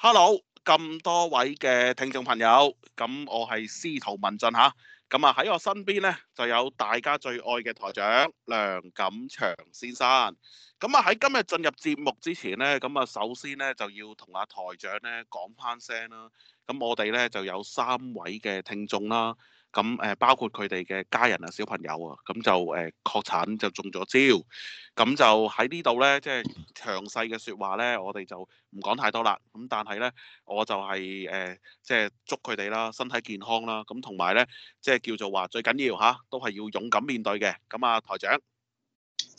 hello，咁多位嘅聽眾朋友，咁我係司徒文進吓，咁啊喺、啊、我身邊咧就有大家最愛嘅台長梁錦祥先生，咁啊喺今日進入節目之前咧，咁啊首先咧就要同阿、啊、台長咧講翻聲啦，咁、啊、我哋咧就有三位嘅聽眾啦。咁誒包括佢哋嘅家人啊、小朋友啊，咁就誒確診就中咗招，咁就喺呢度咧，即係詳細嘅説話咧，我哋就唔講太多啦。咁但係咧，我就係誒即係祝佢哋啦，身體健康啦。咁同埋咧，即係叫做話最緊要嚇，都係要勇敢面對嘅。咁啊，台長，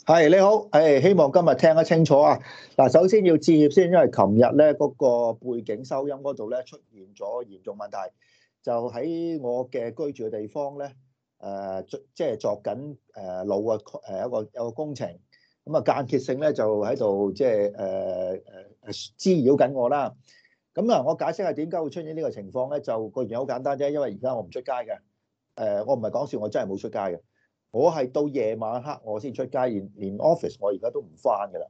係你好，係希望今日聽得清楚啊。嗱，首先要致歉先，因為琴日咧嗰個背景收音嗰度咧出現咗嚴重問題。就喺我嘅居住嘅地方咧，誒即係作緊誒路嘅誒一個一個工程，咁、呃、啊間歇性咧就喺度即係誒誒滋擾緊我啦。咁啊，我解釋下點解會出現呢個情況咧？就個原因好簡單啫，因為而家我唔出街嘅。誒、呃，我唔係講笑，我真係冇出街嘅。我係到夜晚黑我先出街，連連 office 我而家都唔翻㗎喇。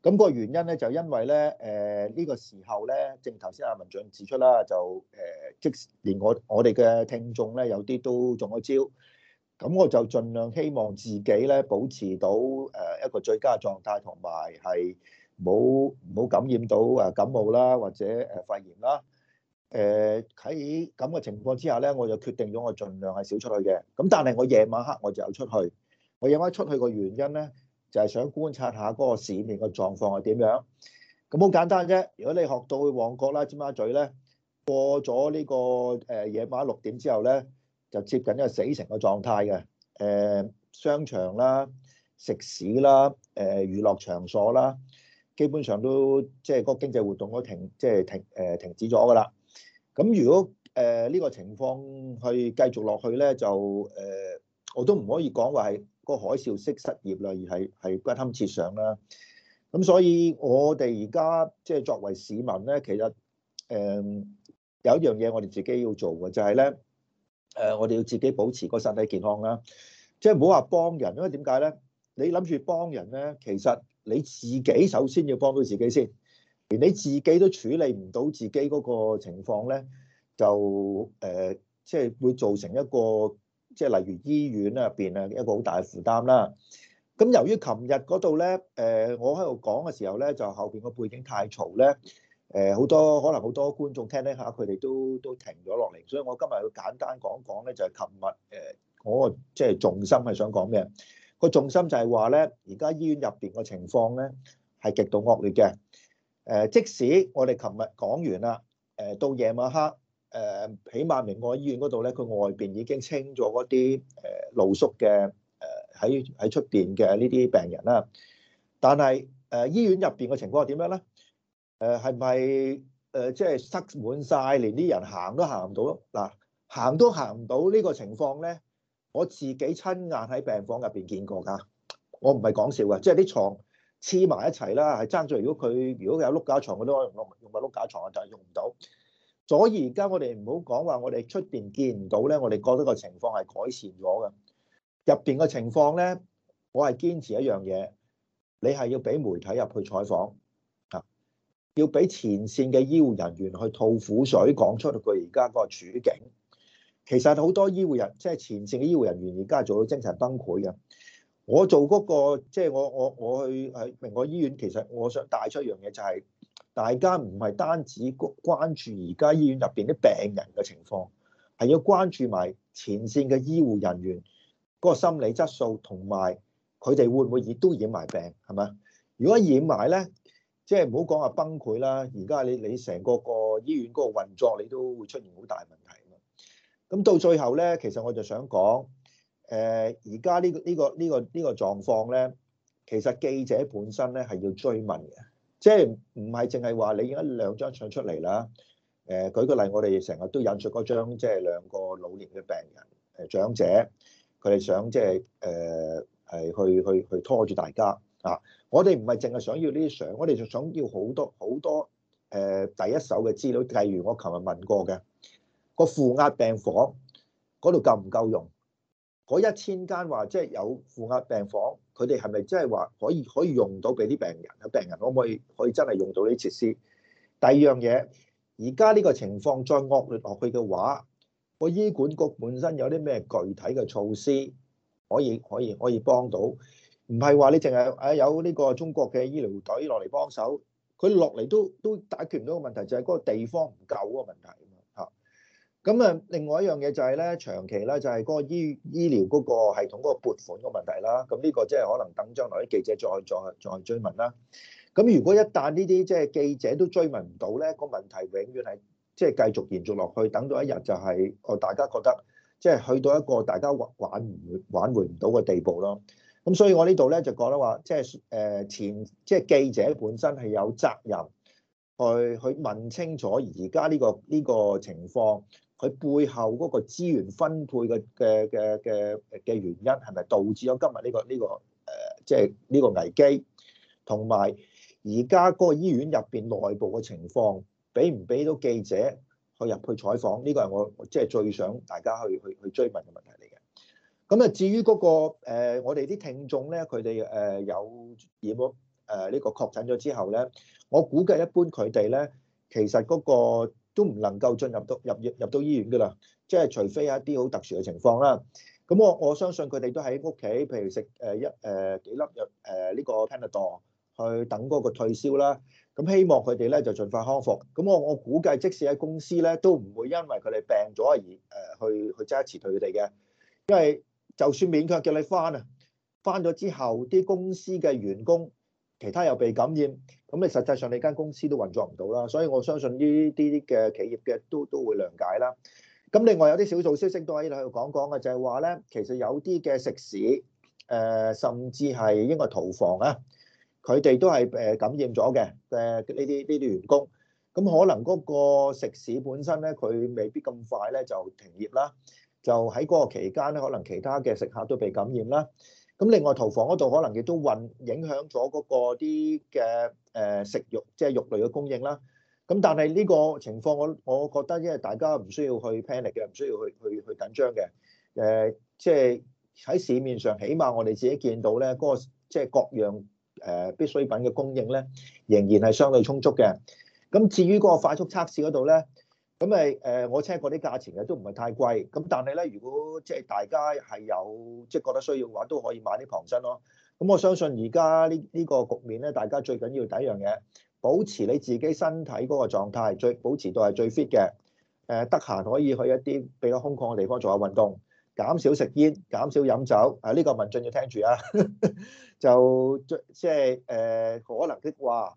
咁個原因咧，就因為咧，誒呢個時候咧，正頭先阿文進指出啦，就誒即係連我我哋嘅聽眾咧，有啲都中咗招。咁我就盡量希望自己咧，保持到誒一個最佳狀態，同埋係冇冇感染到誒感冒啦，或者誒肺炎啦。誒喺咁嘅情況之下咧，我就決定咗我盡量係少出去嘅。咁但係我夜晚黑我就有出去。我夜晚出去嘅原因咧～就係想觀察下嗰個市面嘅狀況係點樣，咁好簡單啫。如果你學到去旺角啦、尖沙咀咧，過咗呢個誒夜晚六點之後咧，就接近一個死城嘅狀態嘅。誒、呃、商場啦、食肆啦、誒、呃、娛樂場所啦，基本上都即係嗰經濟活動都停，即、就、係、是、停誒、呃、停止咗噶啦。咁如果誒呢、呃呢個情況去繼續落去咧，就誒、呃、我都唔可以講話係。個海嘯式失業啦，而係係不堪設想啦。咁所以我哋而家即係作為市民咧，其實誒、呃、有一樣嘢我哋自己要做嘅，就係咧誒，我哋要自己保持個身體健康啦。即係唔好話幫人，因為點解咧？你諗住幫人咧，其實你自己首先要幫到自己先。連你自己都處理唔到自己嗰個情況咧，就誒即係會造成一個。即係例如醫院啊，入邊啊，一個好大嘅負擔啦。咁由於琴日嗰度咧，誒、呃、我喺度講嘅時候咧，就後邊個背景太嘈咧，誒、呃、好多可能好多觀眾聽聽聽下，佢哋都都停咗落嚟。所以我今日要簡單講講咧，呃、就係琴日誒我即係重心係想講嘅個重心就係話咧，而家醫院入邊個情況咧係極度惡劣嘅。誒、呃、即使我哋琴日講完啦，誒、呃、到夜晚黑。誒，起碼明愛醫院嗰度咧，佢外邊已經清咗嗰啲誒露宿嘅誒喺喺出邊嘅呢啲病人啦。但係誒、呃、醫院入邊嘅情況係點樣咧？誒係咪誒即係塞滿晒，連啲人行都行唔到咯？嗱，行都行唔到呢個情況咧，我自己親眼喺病房入邊見過㗎。我唔係講笑㗎，即係啲床黐埋一齊啦，係爭住。如果佢如果有碌架床佢都可以用落，用埋碌架床，啊，但係用唔到。所以而家我哋唔好講話，我哋出邊見唔到咧，我哋覺得個情況係改善咗嘅。入邊嘅情況咧，我係堅持一樣嘢，你係要俾媒體入去採訪啊，要俾前線嘅醫護人員去吐苦水，講出佢而家嗰個處境。其實好多醫護人，即係前線嘅醫護人員，而家係做到精神崩潰嘅。我做嗰個即係我我我去喺明愛醫院，其實我想帶出一樣嘢就係。大家唔係單止關注而家醫院入邊啲病人嘅情況，係要關注埋前線嘅醫護人員嗰個心理質素，同埋佢哋會唔會亦都染埋病？係嘛？如果染埋咧，即係唔好講話崩潰啦。而家你你成個個醫院嗰個運作，你都會出現好大問題。咁到最後咧，其實我就想講，誒而家呢個呢個呢個呢個狀況咧，其實記者本身咧係要追問嘅。即係唔係淨係話你而家兩張相出嚟啦。誒、呃，舉個例，我哋成日都引述嗰張，即係兩個老年嘅病人、誒長者，佢哋想即係誒係去去去拖住大家啊。我哋唔係淨係想要呢啲相，我哋就想要好多好多誒、呃、第一手嘅資料。例如我琴日問過嘅，嗰個負壓病房嗰度夠唔夠用？嗰一千間話即係有負壓病房。佢哋係咪真係話可以可以用到俾啲病人？有病人可唔可以可以真係用到呢啲設施？第二樣嘢，而家呢個情況再惡劣落去嘅話，個醫管局本身有啲咩具體嘅措施可以可以可以幫到？唔係話你淨係啊有呢個中國嘅醫療隊落嚟幫手，佢落嚟都都解決唔到個問題，就係嗰個地方唔夠嗰個問題。咁誒，另外一樣嘢就係咧，長期咧就係嗰個醫醫療嗰個系統嗰個撥款嘅問題啦。咁呢個即係可能等將來啲記者再再再追問啦。咁如果一旦呢啲即係記者都追問唔到咧，個問題永遠係即係繼續延續落去，等到一日就係哦，大家覺得即係去到一個大家挽挽唔挽回唔到嘅地步咯。咁所以我呢度咧就講得話，即係誒前即係記者本身係有責任去去問清楚而家呢個呢個情況。佢背後嗰個資源分配嘅嘅嘅嘅嘅原因係咪導致咗今日呢個呢個誒即係呢個危機？同埋而家嗰個醫院入邊內部嘅情況，俾唔俾到記者去入去採訪？呢個係我即係最想大家去去去追問嘅問題嚟嘅。咁啊，至於嗰個誒，我哋啲聽眾咧，佢哋誒有染咗誒呢個確診咗之後咧，我估計一般佢哋咧，其實嗰個。都唔能夠進入到入入到醫院㗎啦，即係除非一啲好特殊嘅情況啦。咁我我相信佢哋都喺屋企，譬如食誒一誒幾粒藥誒呢個 Panadol 去等嗰個退燒啦。咁希望佢哋咧就盡快康復。咁我我估計即使喺公司咧都唔會因為佢哋病咗而誒去、呃、去揸持佢哋嘅，因為就算勉強叫你翻啊，翻咗之後啲公司嘅員工。其他又被感染，咁你實際上你間公司都運作唔到啦，所以我相信呢啲嘅企業嘅都都會諒解啦。咁另外有啲小道消息都可以喺度講講嘅，就係話咧，其實有啲嘅食肆，誒甚至係應該屠房啊，佢哋都係誒被感染咗嘅，誒呢啲呢啲員工。咁可能嗰個食肆本身咧，佢未必咁快咧就停業啦，就喺嗰個期間咧，可能其他嘅食客都被感染啦。咁另外屠房嗰度可能亦都運影響咗嗰個啲嘅誒食肉，即係肉類嘅供應啦。咁但係呢個情況，我我覺得，因為大家唔需要去 panic 嘅，唔需要去去去緊張嘅。誒，即係喺市面上，起碼我哋自己見到咧，嗰個即係各樣誒必需品嘅供應咧，仍然係相對充足嘅。咁至於嗰個快速測試嗰度咧。咁咪誒，我聽過啲價錢嘅都唔係太貴，咁但係咧，如果即係大家係有即係、即係、覺得需要嘅話，都可以買啲旁身咯。咁我相信而家呢呢個局面咧，大家最緊要第一樣嘢，保持你自己身體嗰個狀態，最保持到係最 fit 嘅。誒、呃，得閒可以去一啲比較空曠嘅地方做下運動，減少食煙，減少飲酒。啊，呢、呢個文進要聽住啊， 就即係誒，可能的話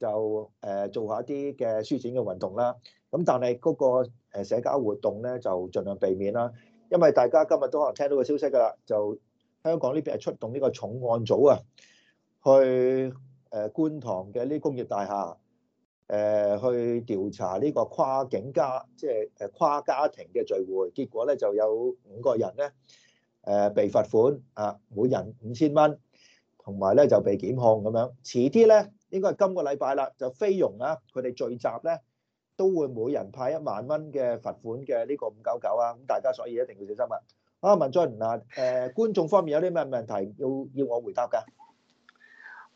就誒、呃、做下啲嘅舒展嘅運動啦。咁但係嗰個社交活動咧，就盡量避免啦。因為大家今日都可能聽到個消息㗎啦，就香港呢邊係出動呢個重案組啊，去誒觀塘嘅呢工業大廈誒去調查呢個跨境家，即係誒跨家庭嘅聚會。結果咧就有五個人咧誒、呃、被罰款啊，每人五千蚊，同埋咧就被檢控咁樣。遲啲咧應該係今個禮拜啦，就菲傭啦，佢哋聚集咧。都會每人派一萬蚊嘅罰款嘅呢個五九九啊，咁大家所以一定要小心啊！啊，文俊嗱，誒、呃、觀眾方面有啲咩問題要要我回答㗎？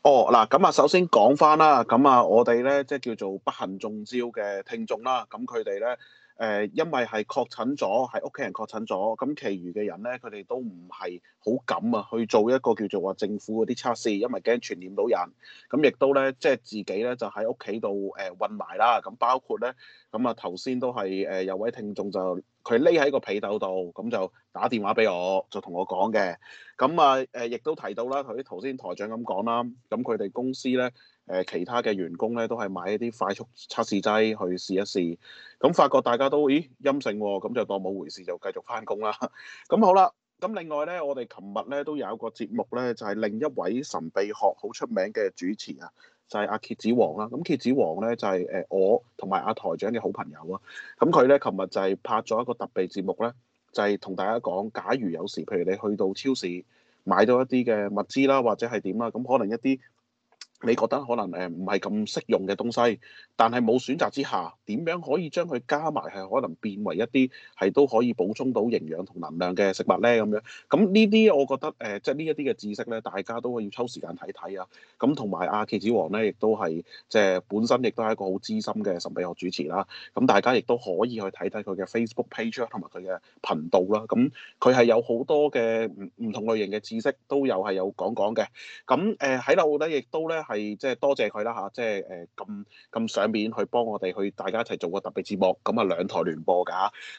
哦，嗱，咁啊，首先講返啦，咁啊，我哋咧即係叫做不幸中招嘅聽眾啦，咁佢哋咧。誒，因為係確診咗，係屋企人確診咗，咁其餘嘅人咧，佢哋都唔係好敢啊，去做一個叫做話政府嗰啲測試，因為驚傳染到人。咁亦都咧，即係自己咧就喺屋企度誒韞埋啦。咁包括咧，咁啊頭先都係誒有位聽眾就佢匿喺個被竇度，咁就打電話俾我，就同我講嘅。咁啊誒，亦都提到啦，佢頭先台長咁講啦，咁佢哋公司咧。誒其他嘅員工咧，都係買一啲快速測試劑去試一試，咁發覺大家都咦陰性喎、哦，咁就當冇回事就繼續翻工啦。咁 好啦，咁另外咧，我哋琴日咧都有一個節目咧，就係、是、另一位神秘學好出名嘅主持啊，就係、是、阿、啊、蠍子王啦。咁蠍子王咧就係、是、誒我同埋阿台長嘅好朋友啊。咁佢咧琴日就係拍咗一個特別節目咧，就係、是、同大家講，假如有時譬如你去到超市買到一啲嘅物資啦，或者係點啦，咁可能一啲。你覺得可能誒唔係咁適用嘅東西，但係冇選擇之下，點樣可以將佢加埋係可能變為一啲係都可以補充到營養同能量嘅食物咧？咁樣咁呢啲，我覺得誒、呃，即係呢一啲嘅知識咧，大家都可以抽時間睇睇啊。咁同埋阿奇子王咧，亦都係即係本身亦都係一個好資深嘅神秘學主持啦、啊。咁大家亦都可以去睇睇佢嘅 Facebook page 同埋佢嘅頻道啦、啊。咁佢係有好多嘅唔唔同類型嘅知識，都有係有講講嘅。咁誒喺度咧，亦、呃、都咧。係即係多謝佢啦嚇，即係誒咁咁賞面去幫我哋去大家一齊做個特別節目，咁啊兩台聯播㗎。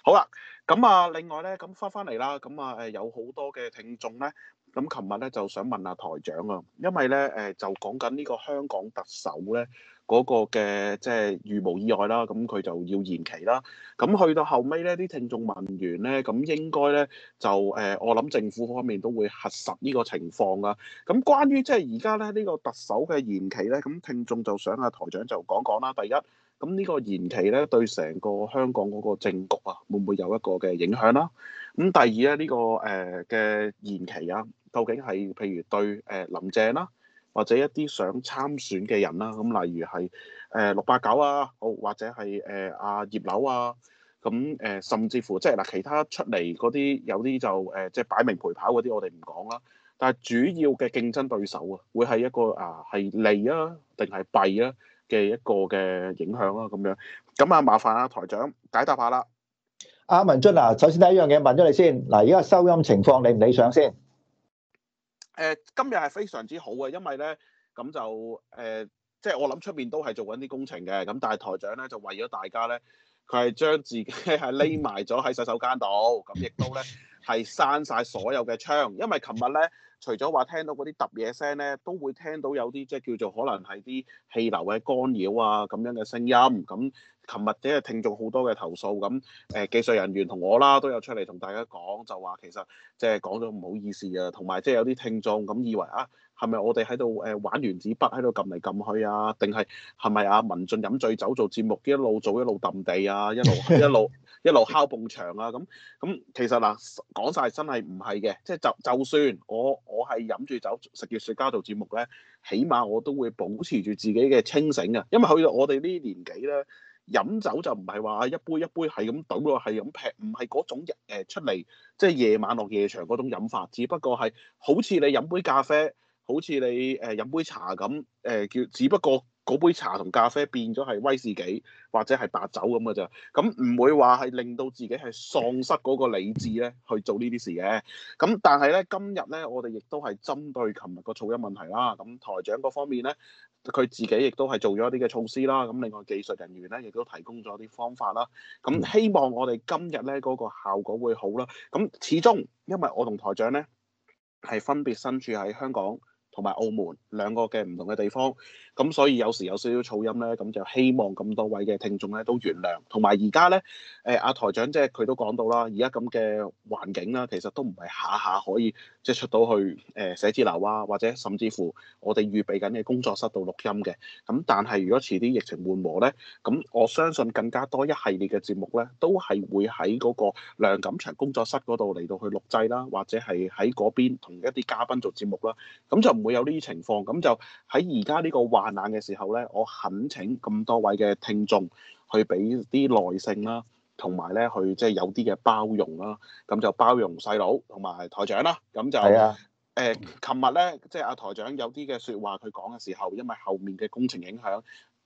好啦，咁啊另外咧，咁翻翻嚟啦，咁啊誒有好多嘅聽眾咧，咁琴日咧就想問下、啊、台長啊，因為咧誒、呃、就講緊呢個香港特首咧。嗰個嘅即係預無意外啦，咁佢就要延期啦。咁去到後尾咧，啲聽眾問完咧，咁應該咧就誒，我諗政府方面都會核實呢個情況啦。咁關於即係而家咧呢、呢個特首嘅延期咧，咁聽眾就想阿、啊、台長就講講啦。第一，咁呢個延期咧對成個香港嗰個政局啊，會唔會有一個嘅影響啦？咁第二咧呢、呢個誒嘅延期啊，究竟係譬如對誒林鄭啦？或者一啲想參選嘅人啦，咁例如係誒六八九啊，或者係誒阿葉劉啊，咁誒甚至乎即係嗱其他出嚟嗰啲有啲就誒即係擺明陪跑嗰啲，我哋唔講啦。但係主要嘅競爭對手啊，會係、啊、一個啊係利啊定係弊啊嘅一個嘅影響啦咁樣。咁啊，麻煩阿、啊、台長解答下啦。阿文進啊，首先第一樣嘢問咗你先。嗱，而家收音情況理唔理想先？誒、呃、今日係非常之好嘅，因為咧咁就誒、呃，即係我諗出面都係做緊啲工程嘅，咁但係台長咧就為咗大家咧，佢係將自己係匿埋咗喺洗手間度，咁亦都咧係閂晒所有嘅窗，因為琴日咧除咗話聽到嗰啲揼嘢聲咧，都會聽到有啲即係叫做可能係啲氣流嘅干擾啊咁樣嘅聲音咁。琴日啲嘅聽眾好多嘅投訴咁，誒技術人員同我啦都有出嚟同大家講，就話其實即係講咗唔好意思啊，同埋即係有啲聽眾咁以為啊，係咪我哋喺度誒玩原子筆喺度撳嚟撳去啊？定係係咪啊？文進飲醉酒做節目，一路做一路揼地啊，一路一路一路敲崩牆啊？咁咁其實嗱講晒真係唔係嘅，即係就是、就，就算我我係飲住酒食住雪茄做節目咧，起碼我都會保持住自己嘅清醒嘅，因為去到我哋呢年紀咧。飲酒就唔係話一杯一杯係咁倒落，係咁劈，唔係嗰種日誒、呃、出嚟即係夜晚落夜場嗰種飲法。只不過係好似你飲杯咖啡，好似你誒飲、呃、杯茶咁誒叫，只不過嗰杯茶同咖啡變咗係威士忌或者係白酒咁嘅啫。咁唔會話係令到自己係喪失嗰個理智咧去做呢啲事嘅。咁但係咧今日咧，我哋亦都係針對琴日個噪音問題啦。咁台長嗰方面咧。佢自己亦都係做咗一啲嘅措施啦，咁另外技術人員咧亦都提供咗一啲方法啦，咁希望我哋今日咧嗰個效果會好啦，咁始終因為我同台長咧係分別身處喺香港，同埋澳門兩個嘅唔同嘅地方，咁所以有時有少少噪音咧，咁就希望咁多位嘅聽眾咧都原諒。同埋而家咧，誒、呃、阿台長即係佢都講到啦，而家咁嘅環境啦，其實都唔係下下可以即係、就是、出到去誒、呃、寫字樓啊，或者甚至乎我哋預備緊嘅工作室度錄音嘅。咁但係如果遲啲疫情緩和咧，咁我相信更加多一系列嘅節目咧，都係會喺嗰個梁錦祥工作室嗰度嚟到去錄製啦，或者係喺嗰邊同一啲嘉賓做節目啦。咁就每會有呢啲情況，咁就喺而家呢個患難嘅時候咧，我懇請咁多位嘅聽眾去俾啲耐性啦、啊，同埋咧去即係有啲嘅包容啦、啊。咁就包容細佬同埋台長啦。咁就係啊。誒，琴日咧，即係阿台長有啲嘅説話，佢講嘅時候，因為後面嘅工程影響，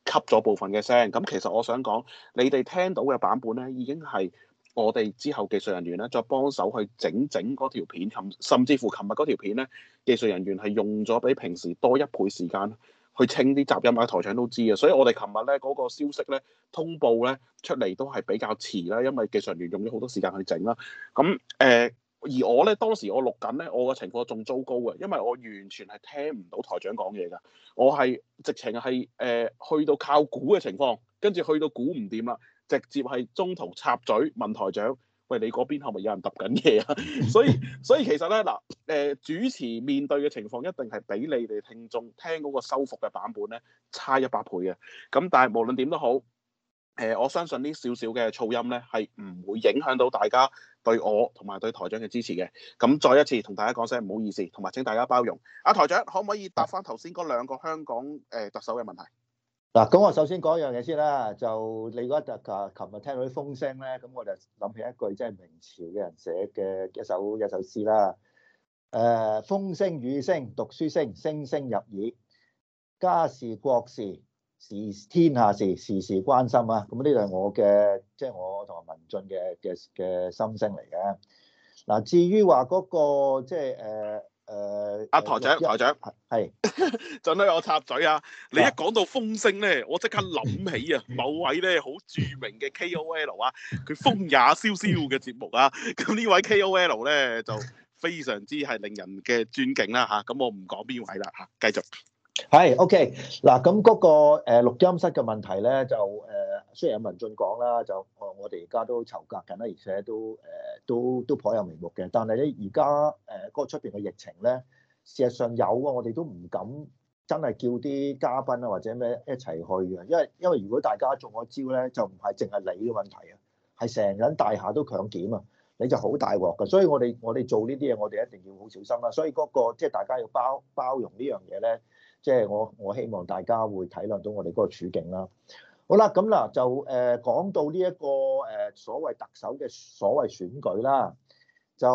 吸咗部分嘅聲。咁其實我想講，你哋聽到嘅版本咧，已經係我哋之後技術人員咧，再幫手去整整嗰條片，甚甚至乎琴日嗰條片咧。技術人員係用咗比平時多一倍時間去清啲雜音啊！台長都知啊，所以我哋琴日咧嗰個消息咧，通報咧出嚟都係比較遲啦，因為技術人員用咗好多時間去整啦。咁誒、呃，而我咧，當時我錄緊咧，我嘅情況仲糟糕嘅，因為我完全係聽唔到台長講嘢㗎，我係直情係誒去到靠估嘅情況，跟住去到估唔掂啦，直接係中途插嘴問台長。喂，你嗰邊係咪有人揼緊嘢啊？ 所以所以其實咧嗱，誒、呃、主持面對嘅情況一定係比你哋聽眾聽嗰個收復嘅版本咧差一百倍嘅。咁但係無論點都好，誒、呃、我相信呢少少嘅噪音咧係唔會影響到大家對我同埋對台長嘅支持嘅。咁再一次同大家講聲唔好意思，同埋請大家包容。阿、啊、台長可唔可以答翻頭先嗰兩個香港誒、呃、特首嘅問題？嗱，咁我首先講一樣嘢先啦，就你嗰一特琴日聽到啲風聲咧，咁我就諗起一句即係明朝嘅人寫嘅一首一首詩啦。誒、呃，風聲雨聲讀書聲，聲聲入耳。家事國事事天下事，事事關心啊！咁呢個係我嘅即係我同埋文進嘅嘅嘅心聲嚟嘅。嗱、呃，至於話嗰、那個即係誒。就是呃誒，阿台長，台長係，准許我插嘴啊！你一講到風聲咧，我即刻諗起啊，某位咧好著名嘅 KOL 啊，佢風也蕭蕭嘅節目啊，咁呢位 KOL 咧就非常之係令人嘅尊敬啦，吓，咁我唔講邊位啦，吓，繼續係，OK 嗱，咁嗰個誒錄音室嘅問題咧就誒。雖然阿文進講啦，就我哋而家都在籌架緊啦，而且都誒、呃、都都頗有眉目嘅。但係咧，而家誒嗰出邊嘅疫情咧，事實上有啊，我哋都唔敢真係叫啲嘉賓啊或者咩一齊去嘅，因為因為如果大家中咗招咧，就唔係淨係你嘅問題啊，係成人大廈都強檢啊，你就好大鑊㗎。所以我哋我哋做呢啲嘢，我哋一定要好小心啦、啊。所以嗰、那個即係、就是、大家要包包容呢樣嘢咧，即、就、係、是、我我希望大家會體諒到我哋嗰個處境啦、啊。好啦，咁啦就誒、呃、講到呢、這、一個誒、呃、所謂特首嘅所謂選舉啦，就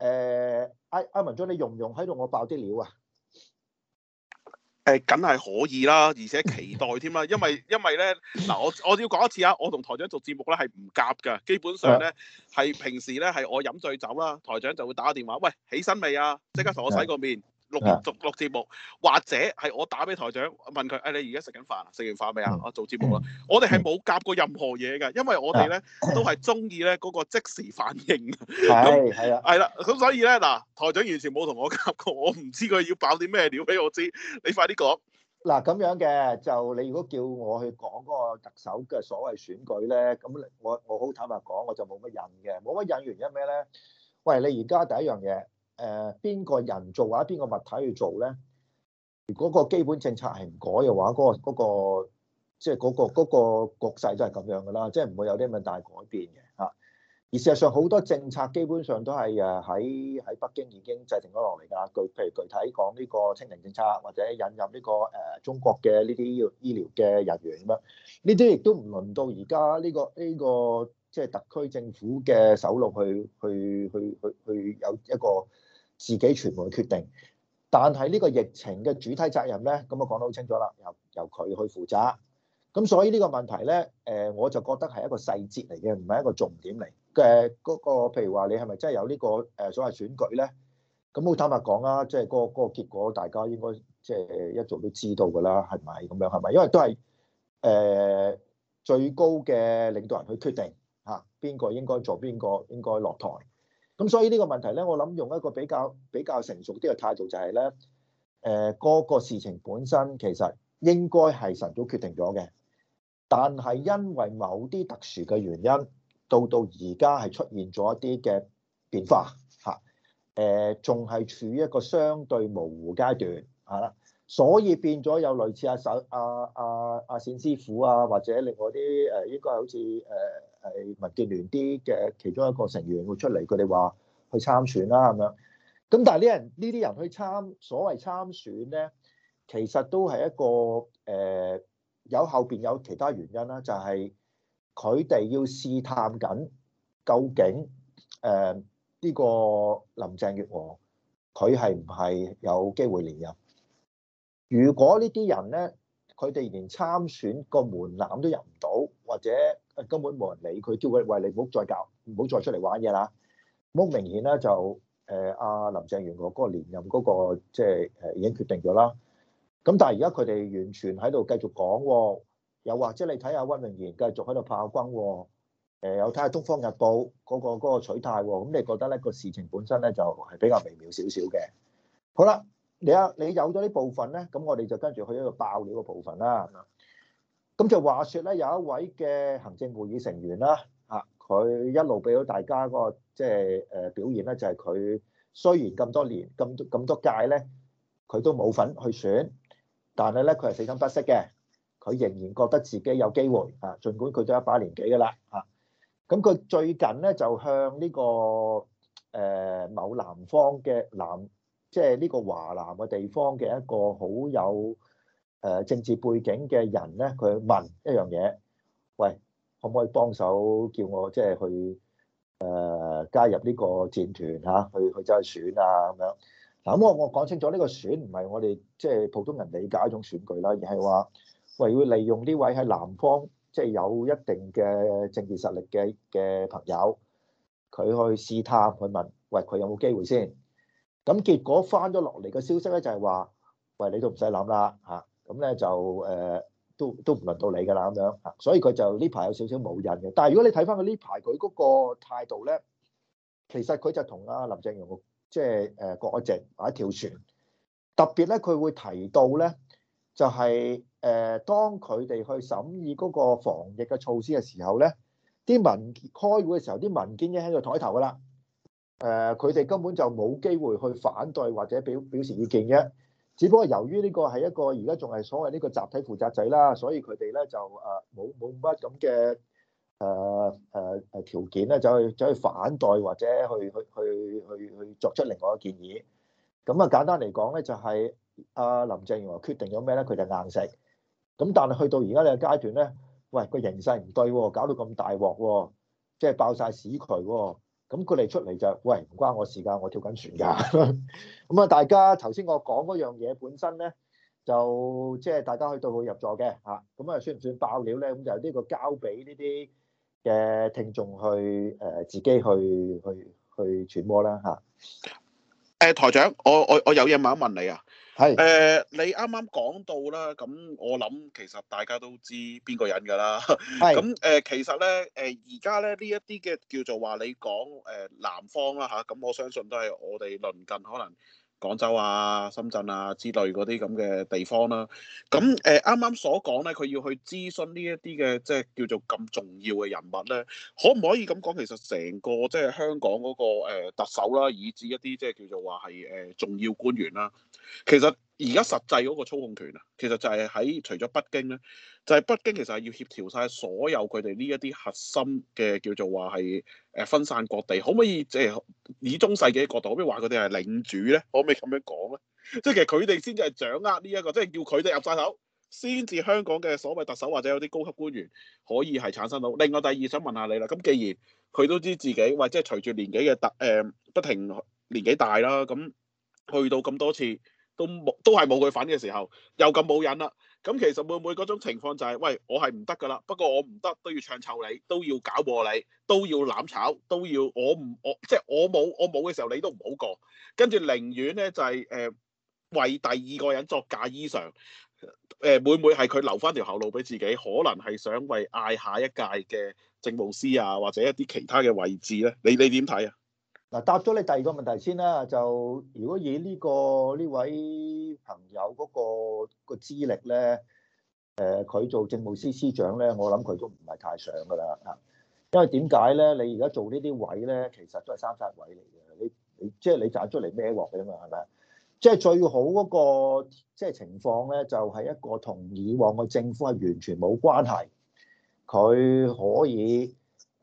誒阿、呃、阿文進你容唔容喺度，我爆啲料啊！誒、呃，梗係可以啦，而且期待添啦，因為因為咧，嗱，我我要講一次啊，我同台長做節目咧係唔夾嘅，基本上咧係是的 平時咧係我飲醉酒啦，台長就會打電話，喂，起身未啊？即刻同我洗個面。錄錄錄節目，或者係我打俾台長，問佢，誒、哎，你而家食緊飯啊？食完飯未啊？我做節目啦。 我哋係冇夾過任何嘢㗎，因為我哋咧都係中意咧嗰個即時反應。係係啊，係啦，咁所以咧嗱，台長完全冇同我夾過，我唔知佢要爆啲咩料俾我知。你快啲講。嗱，咁樣嘅就你如果叫我去講嗰個特首嘅所謂選舉咧，咁我我好坦白講，我就冇乜癮嘅，冇乜癮原因咩咧？喂，你而家第一樣嘢。誒邊、呃、個人做或者邊個物體去做咧？如果個基本政策係唔改嘅話，嗰、那個即係嗰個嗰、就是那個那個局勢都係咁樣噶啦，即係唔會有啲咁大改變嘅嚇、啊。而事實上好多政策基本上都係誒喺喺北京已經制定咗落嚟噶，具譬如具體講呢個清零政策或者引入呢、這個誒、呃、中國嘅呢啲醫醫療嘅人員咁樣，呢啲亦都唔輪到而家呢個呢、這個即係、這個就是、特區政府嘅首腦去去去去去有一個。自己全部去決定，但係呢個疫情嘅主體責任呢，咁我講得好清楚啦，由由佢去負責。咁所以呢個問題呢，誒我就覺得係一個細節嚟嘅，唔係一個重點嚟嘅嗰個。譬如話你係咪真係有呢個誒所謂選舉呢？咁好坦白講啦，即係個個結果，大家應該即係一早都知道㗎啦，係咪咁樣？係咪？因為都係誒最高嘅領導人去決定嚇邊個應該做，邊個應該落台。咁所以呢個問題呢，我諗用一個比較比較成熟啲嘅態度就係呢，誒嗰個事情本身其實應該係神早決定咗嘅，但係因為某啲特殊嘅原因，到到而家係出現咗一啲嘅變化嚇，誒仲係處於一個相對模糊階段嚇啦、啊，所以變咗有類似阿首阿阿阿冼師傅啊，或者另外啲誒、呃、應該係好似誒。呃係民建聯啲嘅其中一個成員會出嚟，佢哋話去參選啦咁樣。咁但係呢人呢啲人去參所謂參選呢，其實都係一個誒、呃、有後邊有其他原因啦，就係佢哋要試探緊究竟誒呢、呃呢個林鄭月娥佢係唔係有機會連任？如果呢啲人呢，佢哋連參選個門檻都入唔到，或者，誒根本冇人理佢，叫佢喂，你唔好再搞，唔好再出嚟玩嘢啦。好明顯咧，就誒阿林鄭月娥嗰個連任嗰個，即係誒已經決定咗啦。咁但係而家佢哋完全喺度繼續講，又或者你睇下屈榮賢繼續喺度炮轟，誒有睇下《東方日報》嗰個嗰個取態喎。咁你覺得咧個事情本身咧就係比較微妙少少嘅。好啦，你啊，你有咗呢部分咧，咁我哋就跟住去一個爆料嘅部分啦。咁就話説咧，有一位嘅行政會議成員啦，嚇佢一路俾到大家嗰個即係誒表現咧，就係、是、佢雖然咁多年、咁咁多屆咧，佢都冇份去選，但係咧佢係死心不息嘅，佢仍然覺得自己有機會啊。儘管佢都一把年紀㗎啦，嚇咁佢最近咧就向呢、這個誒、呃、某南方嘅南，即係呢個華南嘅地方嘅一個好有。誒，政治背景嘅人咧，佢問一樣嘢，喂，可唔可以幫手叫我即係、就是、去誒、呃、加入呢個戰團吓、啊？去去走去選啊咁樣。嗱，咁我我講清楚，呢、這個選唔係我哋即係普通人理解一種選舉啦，而係話喂要利用呢位喺南方即係、就是、有一定嘅政治實力嘅嘅朋友，佢去試探去問喂佢有冇機會先。咁結果返咗落嚟嘅消息咧，就係、是、話喂你都唔使諗啦吓。啊咁咧就誒、呃、都都唔輪到你㗎啦，咁樣，所以佢就呢排有少少冇癮嘅。但係如果你睇翻佢呢排佢嗰個態度咧，其實佢就同阿林鄭容即係誒郭愛席買一條船。特別咧，佢會提到咧，就係、是、誒、呃、當佢哋去審議嗰個防疫嘅措施嘅時候咧，啲民開會嘅時候，啲民建聯喺度抬頭㗎啦。誒、呃，佢哋根本就冇機會去反對或者表表示意見嘅。只不過由於呢個係一個而家仲係所謂呢個集體負責制啦，所以佢哋咧就誒冇冇乜咁嘅誒誒誒條件咧，就去就去反對或者去去去去去作出另外嘅建議。咁啊簡單嚟講咧，就係阿林鄭月娥決定咗咩咧，佢就硬食。咁但係去到而家呢個階段咧，喂，個形勢唔對喎、啊，搞到咁大鑊喎，即係爆晒屎渠喎、啊。咁佢哋出嚟就，喂，唔關我事㗎，我跳緊船㗎。咁啊，大家頭先我講嗰樣嘢本身咧，就即係大家去對號入座嘅嚇，咁啊算唔算爆料咧？咁就呢個交俾呢啲嘅聽眾去誒、呃、自己去去去揣摩啦嚇。誒、啊呃、台長，我我我有嘢問一問你啊。係，誒、呃、你啱啱講到啦，咁我諗其實大家都知邊個人㗎啦。係的，咁誒、嗯呃、其實咧，誒而家咧呢一啲嘅叫做話你講誒、呃、南方啦嚇，咁、啊、我相信都係我哋鄰近可能。廣州啊、深圳啊之類嗰啲咁嘅地方啦、啊，咁誒啱啱所講咧，佢要去諮詢呢一啲嘅，即係叫做咁重要嘅人物咧，可唔可以咁講？其實成個即係香港嗰、個、呃、特首啦、啊，以至一啲即係叫做話係誒重要官員啦、啊，其實。而家實際嗰個操控權啊，其實就係喺除咗北京咧，就係北京其實係要協調晒所有佢哋呢一啲核心嘅叫做話係誒分散各地，可唔可以即係以中世紀嘅角度，可唔可以話佢哋係領主咧？可唔可以咁樣講咧？即係其實佢哋先至係掌握呢一個，即係叫佢哋入晒手，先至香港嘅所謂特首或者有啲高級官員可以係產生到。另外第二想問下你啦，咁既然佢都知自己，或者係隨住年紀嘅特誒不停年紀大啦，咁去到咁多次。都冇，都係冇佢份嘅時候，又咁冇癮啦。咁其實會唔會嗰種情況就係，喂，我係唔得噶啦。不過我唔得都要唱臭你，都要搞過你，都要攬炒，都要我唔我，即係我冇我冇嘅時候，你都唔好過。跟住寧願呢就係誒為第二個人作嫁衣裳。誒會唔會係佢留翻條後路俾自己？可能係想為嗌下一屆嘅政務司啊，或者一啲其他嘅位置呢？你你點睇啊？答咗你第二個問題先啦，就如果以呢、這個呢位朋友嗰、那個、那個資歷咧，誒、呃、佢做政務司司長咧，我諗佢都唔係太想噶啦，嚇！因為點解咧？你而家做呢啲位咧，其實都係三煞位嚟嘅，你你即係你攢出嚟孭鑊嘅嘛，係咪？即係最好嗰、那個即係情況咧，就係、是、一個同以往個政府係完全冇關係，佢可以。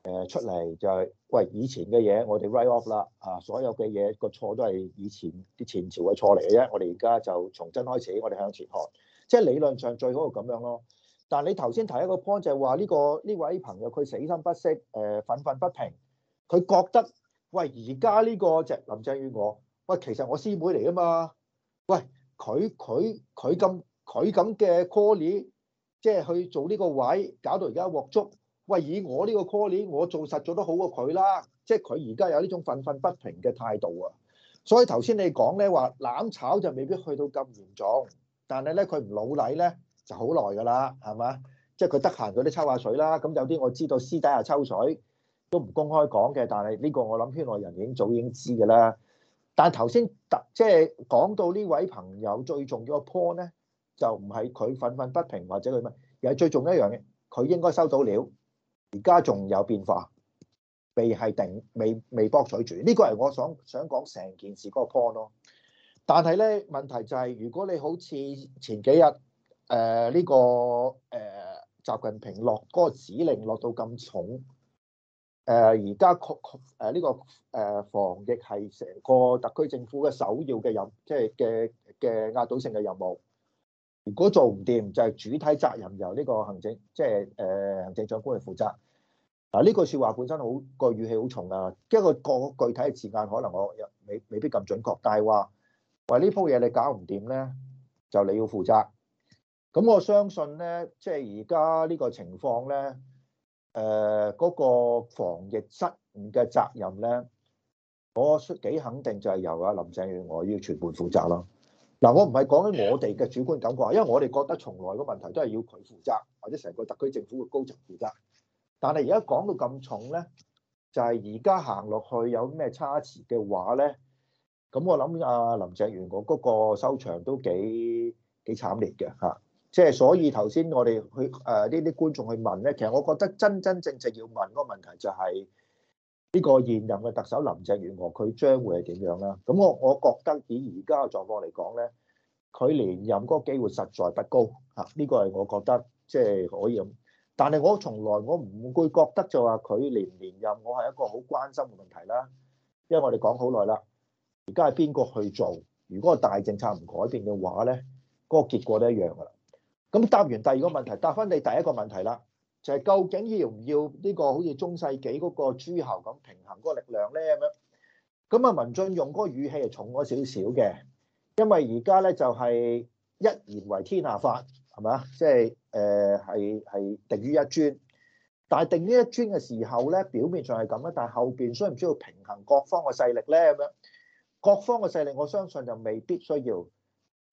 誒，出嚟就係、是、喂，以前嘅嘢我哋 write off 啦，啊，所有嘅嘢個錯都係以前啲前朝嘅錯嚟嘅啫，我哋而家就重新開始，我哋向前看，即係理論上最好係咁樣咯。但係你頭先提一個 point 就係話呢個呢位朋友佢死心不息，誒憤憤不平，佢覺得喂而家呢個隻林鄭月娥，喂其實我師妹嚟噶嘛，喂佢佢佢咁佢咁嘅 callie，即係去做呢個位，搞到而家獲足。喂，以我呢個 colleague 我做實做得好過佢啦，即係佢而家有呢種憤憤不平嘅態度啊！所以頭先你講咧話攬炒就未必去到咁嚴重，但係咧佢唔老禮咧就好耐㗎啦，係嘛？即係佢得閒嗰啲抽下水啦，咁有啲我知道私底下抽水都唔公開講嘅，但係呢個我諗圈內人已經早已經知㗎啦。但係頭先特即係講到呢位朋友最重要嘅 point 咧，就唔係佢憤憤不平或者佢乜，而係最重一樣嘢，佢應該收到料。而家仲有變化，未係定未未博取住，呢個係我想想講成件事嗰個 point 咯。但係咧問題就係、是，如果你好似前幾日誒呢個誒習、呃、近平落嗰個指令落到咁重，誒而家確確誒呢個誒、呃、防疫係成個特區政府嘅首要嘅任，即係嘅嘅壓倒性嘅任務。如果做唔掂，就係、是、主體責任由呢個行政，即係誒行政長官嚟負責。嗱，呢句說話本身好個語氣好重啊，一係個，個個具體嘅字眼可能我未未必咁準確，但係話喂，呢鋪嘢你搞唔掂咧，就你要負責。咁我相信咧，即係而家呢個情況咧，誒、呃、嗰、那個防疫失誤嘅責任咧，我幾肯定就係由阿林鄭月娥要全盤負責咯。嗱，我唔係講緊我哋嘅主觀感覺，因為我哋覺得從來個問題都係要佢負責，或者成個特區政府嘅高層負責。但係而家講到咁重咧，就係而家行落去有咩差池嘅話咧，咁我諗阿林鄭月娥嗰個收場都幾幾慘烈嘅嚇。即、啊、係、就係、所以頭先我哋去誒呢啲觀眾去問咧，其實我覺得真真正正要問嗰個問題就係、係。呢個現任嘅特首林鄭月娥，佢將會係點樣啦？咁我我覺得以而家嘅狀況嚟講咧，佢連任嗰個機會實在不高吓，呢個係我覺得即係可以咁。但係我從來我唔會覺得就話佢連唔連任，我係一個好關心嘅問題啦。因為我哋講好耐啦，而家係邊個去做？如果大政策唔改變嘅話咧，嗰個結果都一樣噶啦。咁答完第二個問題，答翻你第一個問題啦。就係究竟要唔要呢個好似中世紀嗰個諸侯咁平衡嗰個力量呢？咁樣？咁啊，文進用嗰個語氣係重咗少少嘅，因為而家呢就係一言為天下法，係咪啊？即係誒係係定於一尊，但係定於一尊嘅時候呢，表面上係咁啦，但係後邊需唔需要平衡各方嘅勢力呢？咁樣？各方嘅勢力我相信就未必需要，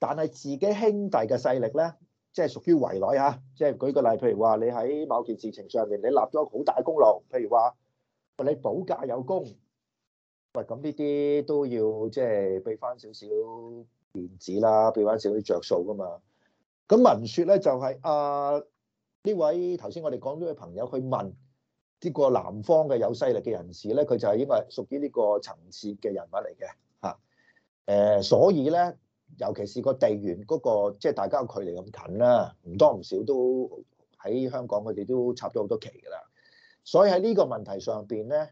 但係自己兄弟嘅勢力呢。即係屬於圍內嚇，即係舉個例，譬如話你喺某件事情上面你立咗好大功勞，譬如話你保駕有功，喂，咁呢啲都要即係俾翻少少面子啦，俾翻少少着數噶嘛。咁文説咧就係阿呢位頭先我哋講到嘅朋友去問呢個南方嘅有勢力嘅人士咧，佢就係因為屬於呢個層次嘅人物嚟嘅嚇，誒、啊呃、所以咧。尤其是個地緣嗰、那個，即、就、係、是、大家個距離咁近啦、啊，唔多唔少都喺香港，佢哋都插咗好多旗㗎啦。所以喺呢個問題上邊咧，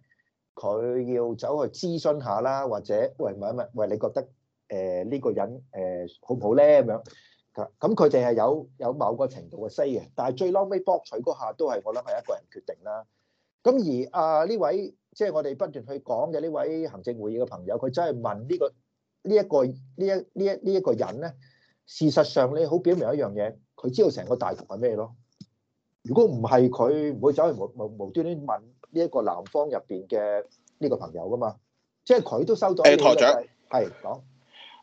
佢要走去諮詢下啦，或者喂唔係唔係，喂，喂你覺得誒呢、呃這個人誒、呃、好唔好咧咁樣？咁佢哋係有有某個程度嘅 say 嘅，但係最嬲尾博取嗰下都係我諗係一個人決定啦。咁而啊呢位即係、就是、我哋不斷去講嘅呢位行政會議嘅朋友，佢真係問呢、這個。呢、呢個、一個呢一呢一呢一個人咧，事實上你好表明一樣嘢，佢知道成個大局係咩咯。如果唔係佢唔會走去無無、無端端問呢一個南方入邊嘅呢個朋友噶嘛。即係佢都收到些些、呃、台長係講。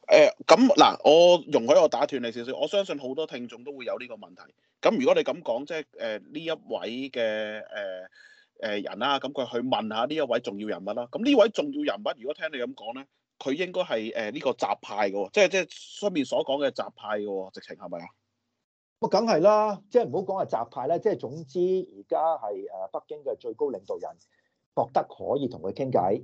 誒咁嗱，我容許我打斷你少少。我相信好多聽眾都會有呢個問題。咁如果你咁講，即係誒呢一位嘅誒誒人啦、啊，咁佢去問下呢一位重要人物啦。咁呢位重要人物，如果聽你咁講咧？佢應該係誒呢個習派嘅喎，即係即係上面所講嘅習派嘅喎，直情係咪啊？咁梗係啦，即係唔好講係習派啦。即係總之而家係誒北京嘅最高領導人覺得可以同佢傾偈，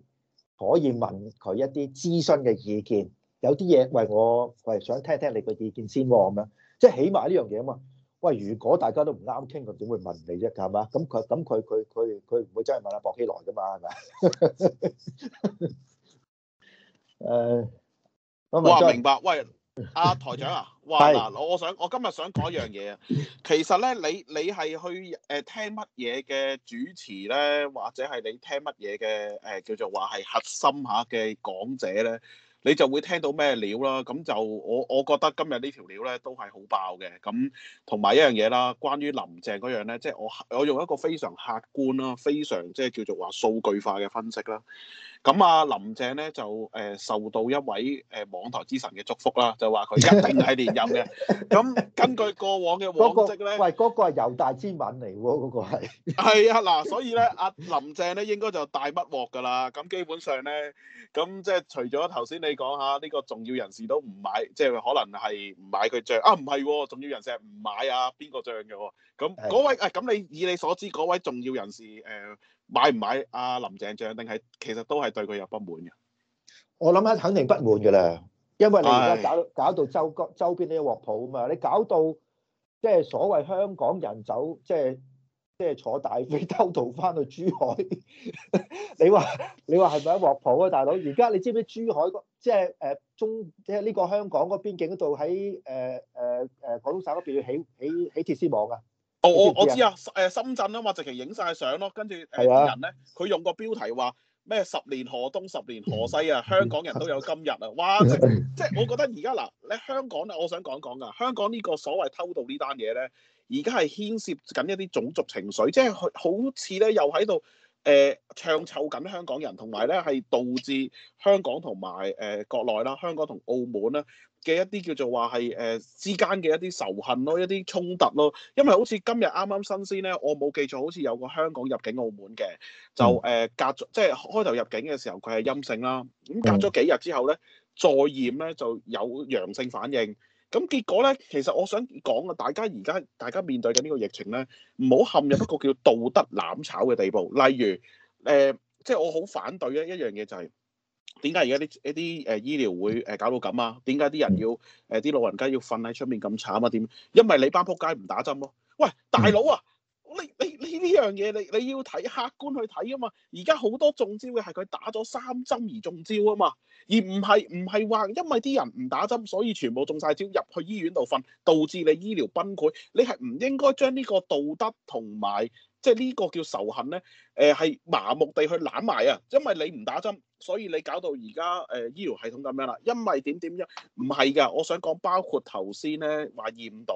可以問佢一啲諮詢嘅意見。有啲嘢，喂我喂想聽聽你嘅意見先喎咁樣！即係起碼呢樣嘢啊嘛。喂，如果大家都唔啱傾，佢點會問你啫？係嘛？咁佢咁佢佢佢佢唔會真係問阿薄熙來嘅嘛係咪？ 誒，我話、uh，明白，喂，阿、啊、台長啊，話嗱 是，我想我今日想講一樣嘢啊，其實咧，你你係去誒、呃、聽乜嘢嘅主持咧，或者係你聽乜嘢嘅誒叫做話係核心下嘅講者咧，你就會聽到咩料啦。咁就我我覺得今日呢條料咧都係好爆嘅。咁同埋一樣嘢啦，關於林鄭嗰樣咧，即係我我用一個非常客觀啦，非常即係叫做話數據化嘅分析啦。咁啊，林鄭咧就誒、呃、受到一位誒、呃、網台之神嘅祝福啦，就話佢一定係連任嘅。咁 根據過往嘅往績咧、 那個，喂，嗰、那個係猶大之吻嚟喎，嗰、那個係。係 啊，嗱，所以咧、啊，阿林鄭咧應該就大筆鑊㗎啦。咁基本上咧，咁即係除咗頭先你講下呢、這個重要人士都唔買，即、就、係、是、可能係唔買佢帳啊？唔係、啊，重要人士係唔買啊，邊個帳㗎、啊？咁嗰位誒，咁你以你所知，嗰位重要人士誒買唔買阿林鄭將？定係其實都係對佢有不滿嘅？我諗咧，肯定不滿嘅啦，因為你而家搞搞到周周邊啲鑊鋪啊嘛，你搞到即係所謂香港人走，即係即係坐大飛偷渡翻去珠海，你話你話係咪啲鑊鋪啊，大佬？而家你知唔知珠海嗰即係誒中即係呢個香港嗰邊境嗰度喺誒誒誒廣東省嗰邊要起起起鐵絲網啊？哦、我我我知啊，誒深圳啊嘛，直情影晒相咯，跟住啲人咧，佢用個標題話咩十年河東十年河西啊，香港人都有今日啊，哇！ 即即我覺得而家嗱，你香港咧，我想講講噶，香港呢個所謂偷渡呢單嘢咧，而家係牽涉緊一啲種族情緒，即係好似咧又喺度誒唱臭緊香港人，同埋咧係導致香港同埋誒國內啦，香港同澳門啦。嘅一啲叫做話，係、呃、誒之間嘅一啲仇恨咯，一啲衝突咯，因為好似今日啱啱新鮮咧，我冇記錯，好似有個香港入境澳門嘅，就誒、呃、隔咗即係開頭入境嘅時候佢係陰性啦，咁隔咗幾日之後咧再驗咧就有陽性反應，咁結果咧，其實我想講啊，大家而家大家面對緊呢個疫情咧，唔好陷入一個叫道德攬炒嘅地步，例如誒、呃、即係我好反對咧一樣嘢就係、是。點解而家啲一啲誒醫療會誒搞到咁啊？點解啲人要誒啲老人家要瞓喺出面咁慘啊？點？因為你班仆街唔打針咯、啊。喂，大佬啊，你你呢呢樣嘢你你，你要睇客觀去睇啊嘛，嘛。而家好多中招嘅係佢打咗三針而中招啊嘛，而唔係唔係話因為啲人唔打針，所以全部中晒招入去醫院度瞓，導致你醫療崩潰。你係唔應該將呢個道德同埋即係呢個叫仇恨咧？誒、呃，係麻木地去攬埋啊，因為你唔打針。所以你搞到而家誒醫療系統咁樣啦，因為點點樣，樣？唔係噶，我想講包括頭先咧話驗到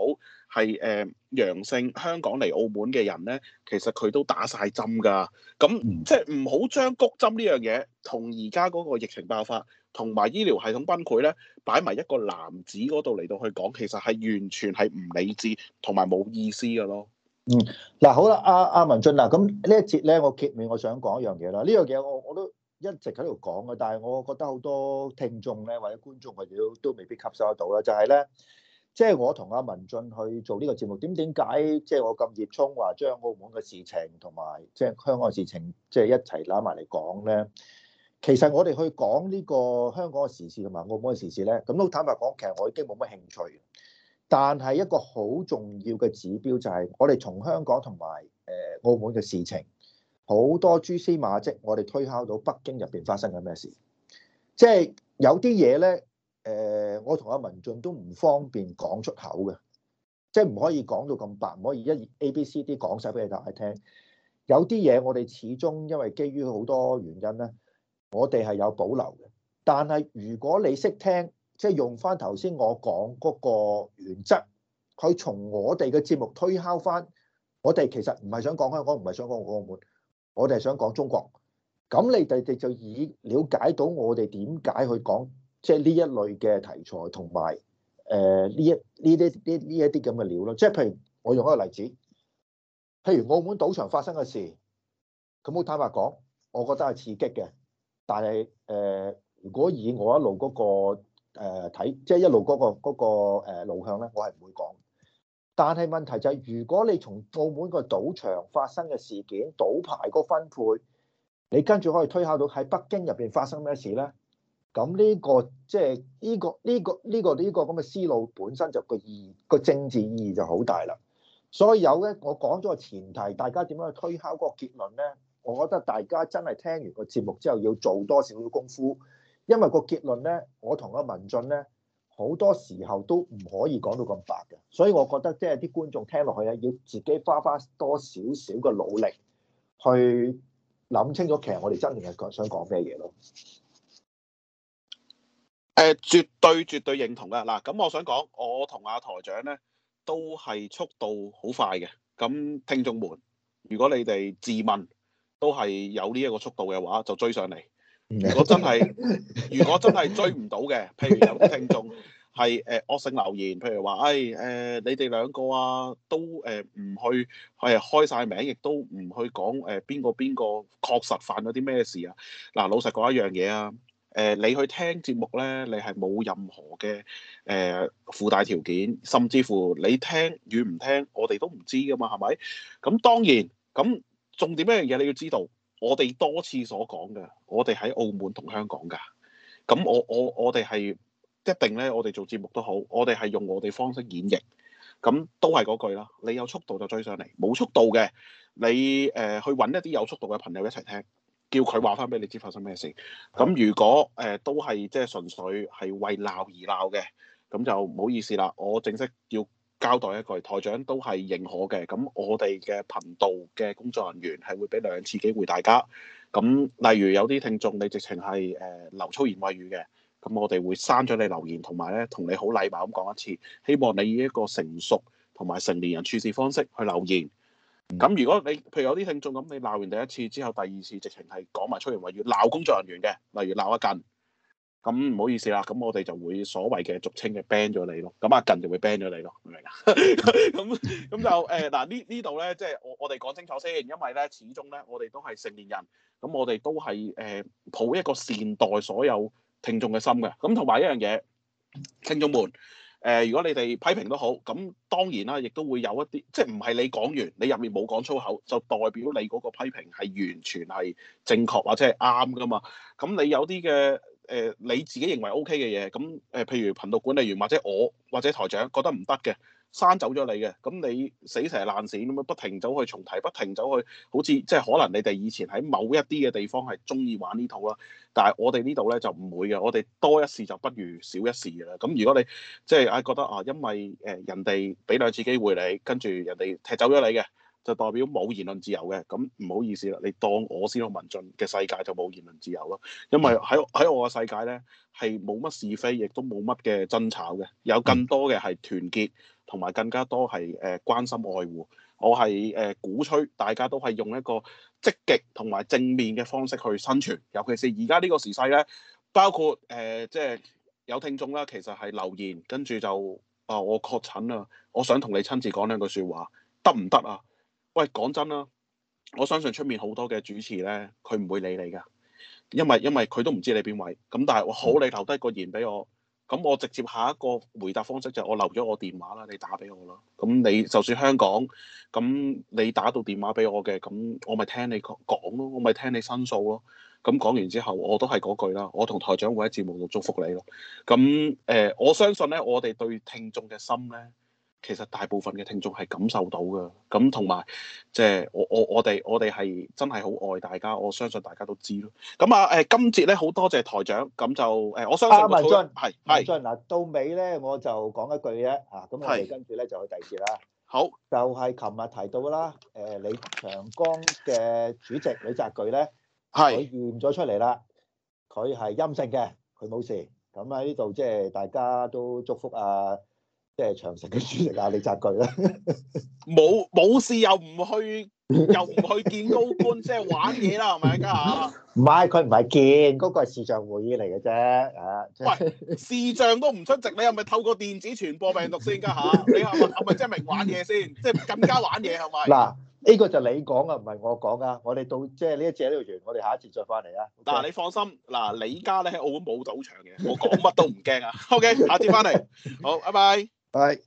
係誒、呃、陽性，香港嚟澳門嘅人咧，其實佢都打晒針噶。咁即係唔好將谷針呢樣嘢同而家嗰個疫情爆發同埋醫療系統崩潰咧，擺埋一個籃子嗰度嚟到去講，其實係完全係唔理智同埋冇意思嘅咯。嗯，嗱好啦，阿阿文進啊，咁、啊、呢、啊、一節咧，我結尾我想講一樣嘢啦。呢樣嘢我我都一直喺度講嘅，但係我覺得好多聽眾咧或者觀眾或者都都未必吸收得到啦。就係咧，即係我同阿文進去做呢個節目，點點解即係我咁熱衷話將澳門嘅事情同埋即係香港嘅事情即係一齊攬埋嚟講咧？其實我哋去講呢個香港嘅時事同埋澳門嘅時事咧，咁都坦白講，其實我已經冇乜興趣。但係一個好重要嘅指標就係我哋從香港同埋誒澳門嘅事情，好多蛛絲馬跡，我哋推敲到北京入邊發生緊咩事，即係有啲嘢呢，誒，我同阿文俊都唔方便講出口嘅，即係唔可以講到咁白，唔可以一 A、B、C、D 講晒俾你大家聽。有啲嘢我哋始終因為基於好多原因呢，我哋係有保留嘅。但係如果你識聽，即係用翻頭先我講嗰個原則，佢從我哋嘅節目推敲翻，我哋其實唔係想講香港，唔係想講澳門。我哋係想講中國，咁你哋哋就以了解到我哋點解去講，即係呢一類嘅題材，同埋誒呢一呢啲呢呢一啲咁嘅料咯。即係譬如我用一個例子，譬如澳門賭場發生嘅事，佢冇坦白講，我覺得係刺激嘅，但係誒，如果以我一路嗰個誒睇，即係一路嗰個嗰個誒路向咧，我係唔會講。但係問題就係、是，如果你從澳門個賭場發生嘅事件、賭牌個分配，你跟住可以推敲到喺北京入邊發生咩事呢？咁呢、這個即係呢個呢、這個呢、這個呢、這個咁嘅思路本身就個意個政治意義就好大啦。所以有呢，我講咗個前提，大家點樣去推敲嗰個結論呢？我覺得大家真係聽完個節目之後要做多少少功夫，因為個結論呢，我同阿文進呢。好多時候都唔可以講到咁白嘅，所以我覺得即係啲觀眾聽落去咧，要自己花花多少少嘅努力去諗清楚，其實我哋真係想講咩嘢咯。誒，絕對絕對認同啊！嗱，咁我想講，我同阿台長咧都係速度好快嘅。咁聽眾們，如果你哋自問都係有呢一個速度嘅話，就追上嚟。我真係，如果真係追唔到嘅，譬如有啲聽眾係誒惡性留言，譬如話誒誒你哋兩個啊都誒唔、呃、去係、呃、開晒名，亦都唔去講誒邊個邊個確實犯咗啲咩事啊？嗱、呃，老實講一樣嘢啊，誒、呃、你去聽節目咧，你係冇任何嘅誒、呃、附帶條件，甚至乎你聽與唔聽，我哋都唔知㗎嘛，係咪？咁當然，咁重點一樣嘢你要知道。我哋多次所講嘅，我哋喺澳門同香港㗎，咁我我我哋係一定咧，我哋做節目都好，我哋係用我哋方式演繹，咁都係嗰句啦。你有速度就追上嚟，冇速度嘅，你誒、呃、去揾一啲有速度嘅朋友一齊聽，叫佢話翻俾你知發生咩事。咁如果誒、呃、都係即係純粹係為鬧而鬧嘅，咁就唔好意思啦，我正式叫，交代一句，台長都係認可嘅。咁我哋嘅頻道嘅工作人員係會俾兩次機會大家。咁例如有啲聽眾，你直情係誒流粗言穢語嘅，咁我哋會刪咗你留言，同埋呢同你好禮貌咁講一次，希望你以一個成熟同埋成年人處事方式去留言。咁、嗯、如果你譬如有啲聽眾，咁你鬧完第一次之後，第二次直情係講埋粗言穢語鬧工作人員嘅，例如鬧阿根。咁唔好意思啦，咁我哋就會所謂嘅俗稱嘅 ban 咗你咯，咁啊近就會 ban 咗你咯，明唔明啊？咁 咁、嗯嗯嗯嗯嗯、就誒嗱呢呢度咧，即係我我哋講清楚先，因為咧始終咧我哋都係成年人，咁、嗯、我哋都係誒、嗯、抱一個善待所有聽眾嘅心嘅，咁同埋一樣嘢，聽眾們誒、嗯、如果你哋批評都好，咁當然啦，亦都會有一啲即係唔係你講完你入面冇講粗口，就代表你嗰個批評係完全係正確或者係啱噶嘛？咁你有啲嘅。誒、呃、你自己認為 O.K. 嘅嘢，咁、呃、誒譬如頻道管理員或者我或者台長覺得唔得嘅，刪走咗你嘅，咁你死成爛死咁樣不停走去重提，不停走去好似即係可能你哋以前喺某一啲嘅地方係中意玩呢套啦，但係我哋呢度咧就唔會嘅。我哋多一事就不如少一事啦。咁如果你即係啊覺得啊、呃，因為誒人哋俾兩次機會你，跟住人哋踢走咗你嘅。就代表冇言論自由嘅，咁唔好意思啦。你當我先去文進嘅世界就冇言論自由咯，因為喺喺我嘅世界咧，係冇乜是非，亦都冇乜嘅爭吵嘅，有更多嘅係團結，同埋更加多係誒、呃、關心愛護。我係誒、呃、鼓吹大家都係用一個積極同埋正面嘅方式去生存，尤其是而家呢個時勢咧，包括誒即係有聽眾啦，其實係留言跟住就啊、呃，我確診啦、啊，我想同你親自講兩句説話，得唔得啊？喂，講真啦，我相信出面好多嘅主持咧，佢唔會理你噶，因為因為佢都唔知你邊位。咁但係，我好你留低個言俾我，咁我直接下一個回答方式就係我留咗我電話啦，你打俾我啦。咁你就算香港，咁你打到電話俾我嘅，咁我咪聽你講咯，我咪聽你申訴咯。咁講完之後，我都係嗰句啦，我同台長會喺節目度祝福你咯。咁誒、呃，我相信咧，我哋對聽眾嘅心咧。其實大部分嘅聽眾係感受到嘅，咁同埋即係我我我哋我哋係真係好愛大家，我相信大家都知咯。咁啊誒，今節咧好多謝台長，咁就誒我相信。文進，係，文進，嗱，到尾咧我就講一句啫嚇，咁我哋跟住咧就去第二節啦。好，就係琴日提到啦，誒李長江嘅主席李澤鉅咧，係佢驗咗出嚟啦，佢係陰性嘅，佢冇事。咁喺呢度即係大家都祝福啊！即係長城嘅主力啊，你窒佢啦，冇冇事又唔去，又唔去見高官，即係玩嘢啦，係咪啊？唔係，佢唔係見，嗰個係視像會議嚟嘅啫，嚇。喂，視像都唔出席，你係咪透過電子傳播病毒先㗎嚇？你係咪真係明玩嘢先？即係更加玩嘢係咪？嗱，呢個就你講啊，唔係我講㗎。我哋到即係呢一節呢度完，我哋下一節再翻嚟啊。但係，你放心，嗱，你家咧喺澳門冇賭場嘅，我講乜都唔驚啊。OK，下次翻嚟，好，拜拜。係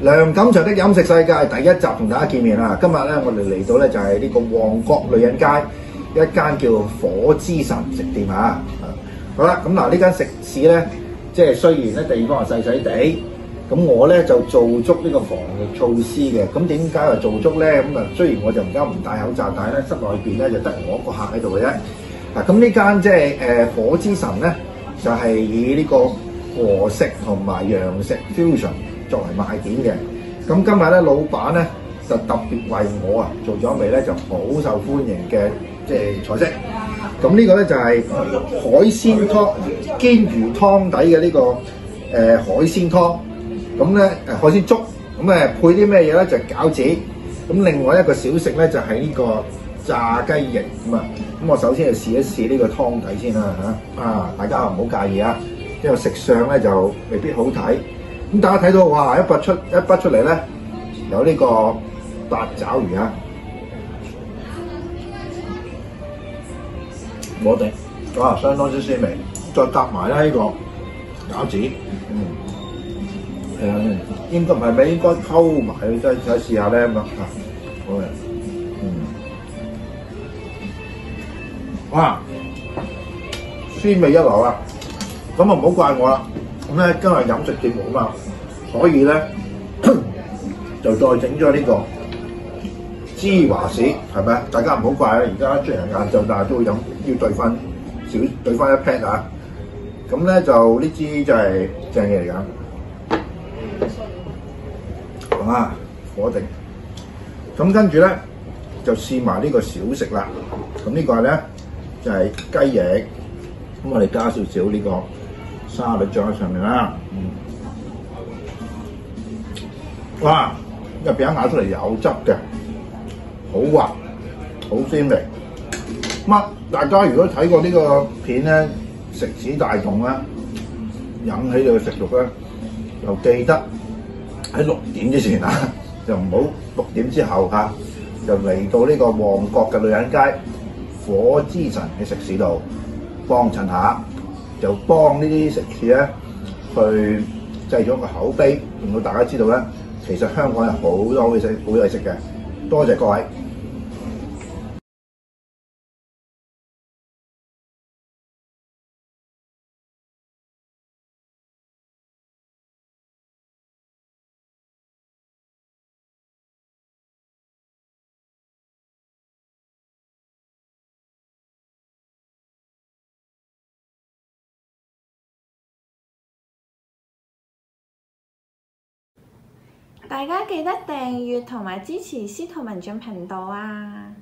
梁錦祥的飲食世界第一集同大家見面啦，今日咧我哋嚟到咧就係呢個旺角女人街一間叫火之神食店啊，好啦，咁嗱呢間食肆咧，即係雖然咧地方係細細地，咁我咧就做足呢個防疫措施嘅，咁點解又做足咧？咁啊雖然我就而家唔戴口罩，但係咧室內邊咧就得我一個客喺度嘅啫，嗱咁呢間即係誒火之神咧。就係以呢個和式同埋洋式 fusion 作為賣點嘅，咁今日咧老闆咧就特別為我啊做咗一味咧就好受歡迎嘅即係菜式，咁呢個咧就係、是、海鮮湯、煎魚湯底嘅呢、這個誒、呃、海鮮湯，咁咧誒海鮮粥，咁誒配啲咩嘢咧就係、餃子，咁另外一個小食咧就係、是、呢個炸雞翼咁啊！咁我首先嚟試一試呢個湯底先啦、啊、嚇，啊大家唔好介意啊，因為食相咧就未必好睇。咁、嗯、大家睇到哇一筆出一筆出嚟咧，有呢個八爪魚啊，我哋哇相當之鮮味，再搭埋咧呢個餃子嗯，嗯，係啊，應該唔係咩？應該溝埋再再試下咧嘛嚇。哇！鮮味一流啊！咁就唔好怪我啦、啊。咁咧今日飲食節目嘛，所以呢，就再整咗呢個芝華士，大家唔好怪啦、啊。而家出嚟晏晝，但係都會飲，要兌翻少，兌翻一 pack 啊！咁咧就呢支就係正嘢嚟㗎。好啊，我定。咁跟住咧就試埋呢個小食啦。咁呢個係咧。就係雞翼，咁我哋加少少呢個沙律醬喺上面啦。嗯，哇，個餅咬出嚟有汁嘅，好滑，好鮮味。咁大家如果睇過呢個片咧，食指大動啦，引起你嘅食慾咧，就記得喺六點之前啊，就唔好六點之後嚇、啊，就嚟到呢個旺角嘅女人街。火之神喺食肆度幫襯下，就幫呢啲食肆咧去製咗個口碑，令到大家知道咧，其實香港有好多好嘢食，好嘢食嘅。多謝各位。大家記得訂閱同埋支持司徒文進頻道啊！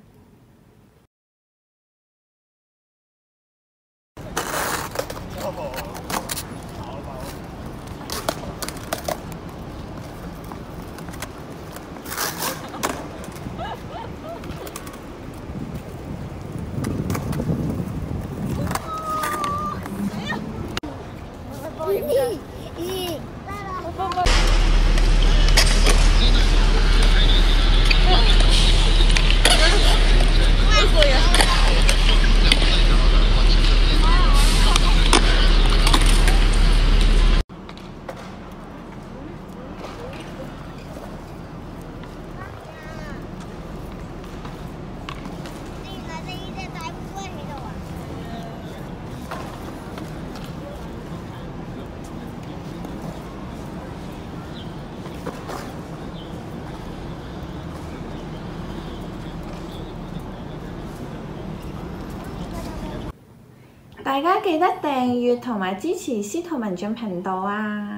大家記得訂閱同埋支持司徒文進頻道啊！